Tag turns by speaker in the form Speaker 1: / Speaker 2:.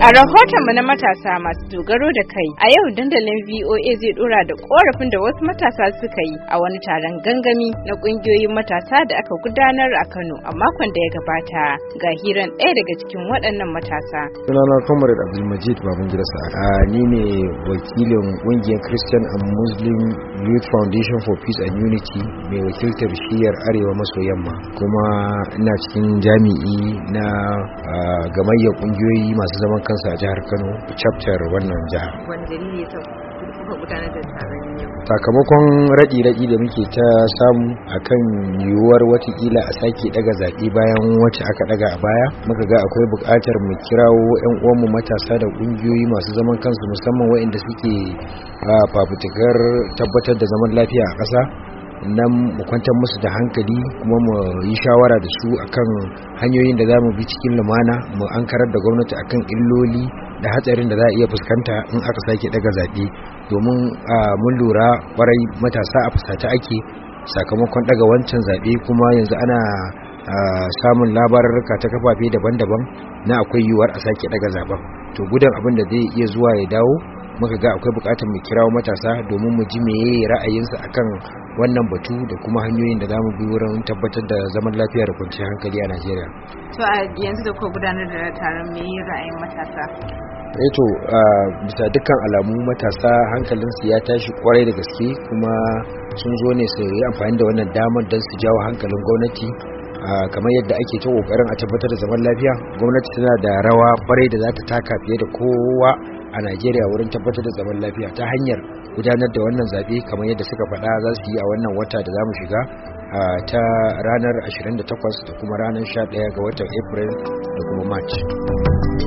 Speaker 1: A rahotonmu na matasa masu dogaro da kai, a yau dandalin VOA zai dora da korafin da wasu matasa suka yi a wani taron gangami na kungiyoyin matasa da aka gudanar a Kano a makon da ya gabata. Ga hiran ɗaya daga cikin waɗannan matasa.
Speaker 2: Sunana Comrade Majid Babangida Sa'a. Ni ne wakilin ƙungiyar Christian and Muslim youth foundation for peace and unity mai wakiltar shiyar arewa maso yamma kuma ina cikin jami'i na gamayyar kungiyoyi masu zaman kansa a jihar kano chapter wannan jihar wanda ne ya gudanar da sakamakon raɗi-raɗi da muke ta samu a kan yiwuwar watakila a sake daga zaɓe bayan wacce aka daga a baya muka ga akwai buƙatar mu kirawo 'yan uwanmu matasa da ƙungiyoyi masu zaman kansu musamman waɗanda suke ah, fafutukar tabbatar da zaman lafiya a ƙasa nan mu kwantar musu da hankali kuma mu yi shawara da su akan hanyoyin da za mu bi cikin lumana mu an karar da gwamnati akan illoli da hatsarin da za a iya fuskanta in aka sake daga zaɓe domin mun lura kwarai matasa a fusata ake sakamakon daga wancan zaɓe kuma yanzu ana samun labararka ta kafafe daban-daban na akwai yiwuwar a sake daga zaɓen to gudan abin da zai iya zuwa ya dawo muka ga akwai bukatar mu kirawo matasa domin mu ji meye ra'ayinsu akan wannan batu da kuma hanyoyin da za mu bi wurin tabbatar da zaman lafiya da kwanciyar hankali a Najeriya.
Speaker 1: To a yanzu da ko gudanar da taron meye ra'ayin matasa?
Speaker 2: Eh to bisa dukkan alamu matasa hankalinsu ya tashi kwarai da gaske kuma sun zo ne su yi amfani da wannan damar don su jawo hankalin gwamnati kamar yadda ake ta kokarin a tabbatar da zaman lafiya gwamnati tana da rawa kwarai da za ta taka fiye da kowa a najeriya wurin tabbatar da zaman lafiya ta hanyar gudanar da wannan zaɓe kamar yadda suka faɗa za su yi a wannan wata da za mu shiga ta ranar 28 da kuma ranar 11 ga watan april da kuma march